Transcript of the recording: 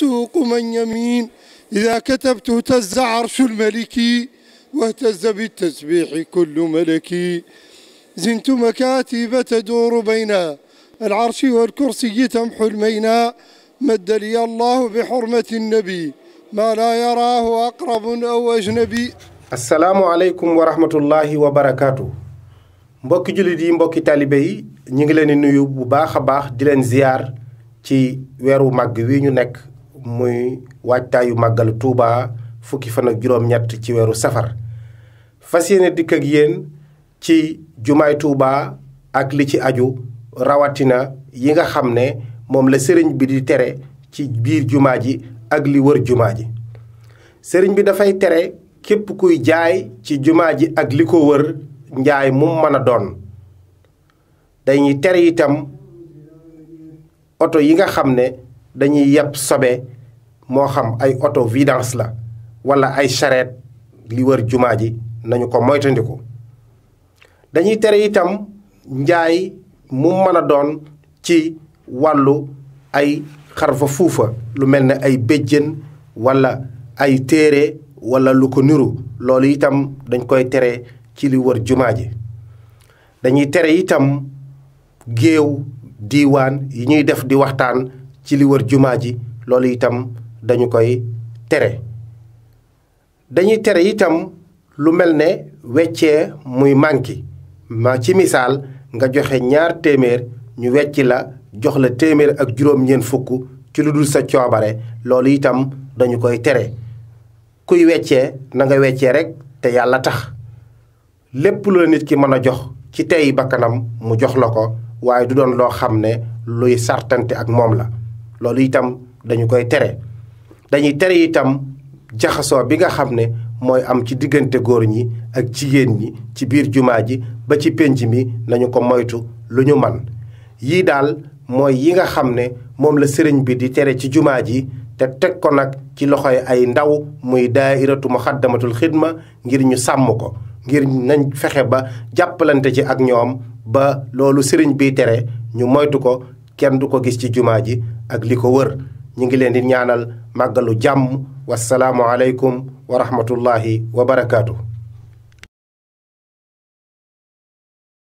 سوق من يمين إذا كتبت اهتز عرش الملكي واهتز بالتسبيح كل ملكي زنت مكاتب تدور بين العرش والكرسي تمحو الميناء مد لي الله بحرمة النبي ما لا يراه أقرب أو أجنبي asalaamualeykum wa rahmatullahi wa barakaatu mbokki jullit yi mbokki taalibe yi ñu ngi leen di nuyu bu baax a baax di leen ziyaar ci weeru màgg wi ñu nekk muy waajtaayu màggalu Touba fukki fan ak juróom-ñett ci weeru safar fas yéene dikk ak yéen ci jumaay Touba ak li ci aju rawatina yi nga xam ne moom la sëriñ bi di tere ci biir jumaa ji ak li wër jumaa ji sëriñ bi dafay tere képp kuy jaay ci jumaa ji ak li ko wër njaay mu mën a doon dañuy tere itam oto yi nga xam ne dañuy yeb sobe moo xam ay oto vidance la walla ay charrette li wër jumaa ji nañu ko moytandiku dañuy tere itam njaay mu mën a doon ci wàllu ay xarfa fuufa lu mel ne ay béjjën walla ay téere wala lu ko niru loolu itam dañ koy tere ci li wër jumaa ji dañuy tere itam géew diiwaan yi ñuy def di waxtaan ci li wër jumaa ji loolu itam dañu koy tere dañuy tere itam lu mel ne wecce muy manki ma ci misaal nga joxe ñaar téeméer ñu wecc la jox la téeméer ak juróom-ñeent fukk ci lu dul sa coobare loolu itam dañu koy tere kuy wecce nanga nga weccee rek te yàlla tax lépp lu la nit ki mën a jox ci tey bakkanam mu jox la ko waaye du doon loo xam ne luy sartante ak moom la loolu itam dañu koy tere dañuy tere itam jaxasoo bi nga xam ne mooy am ci diggante góor ñi ak jigéen ñi ci biir jumaa ji ba ci pénc mi nañu ko moytu lu ñu man yii daal mooy yi nga xam ne moom la sëriñ bi di tere ci jumaa ji te teg ko nag ci loxoy ay ndaw muy daa daairatu muxaddamatul xidma ngir ñu sàmm ko ngir nañ fexe ba jàppalante ci ak ñoom ba loolu sëriñ bi tere ñu moytu ko kenn du ko gis ci jumaa ji ak li ko wër ñu ngi leen di ñaanal màggalu jàmm wasalaamualeykum wa rahmatullahi wa barakaatu.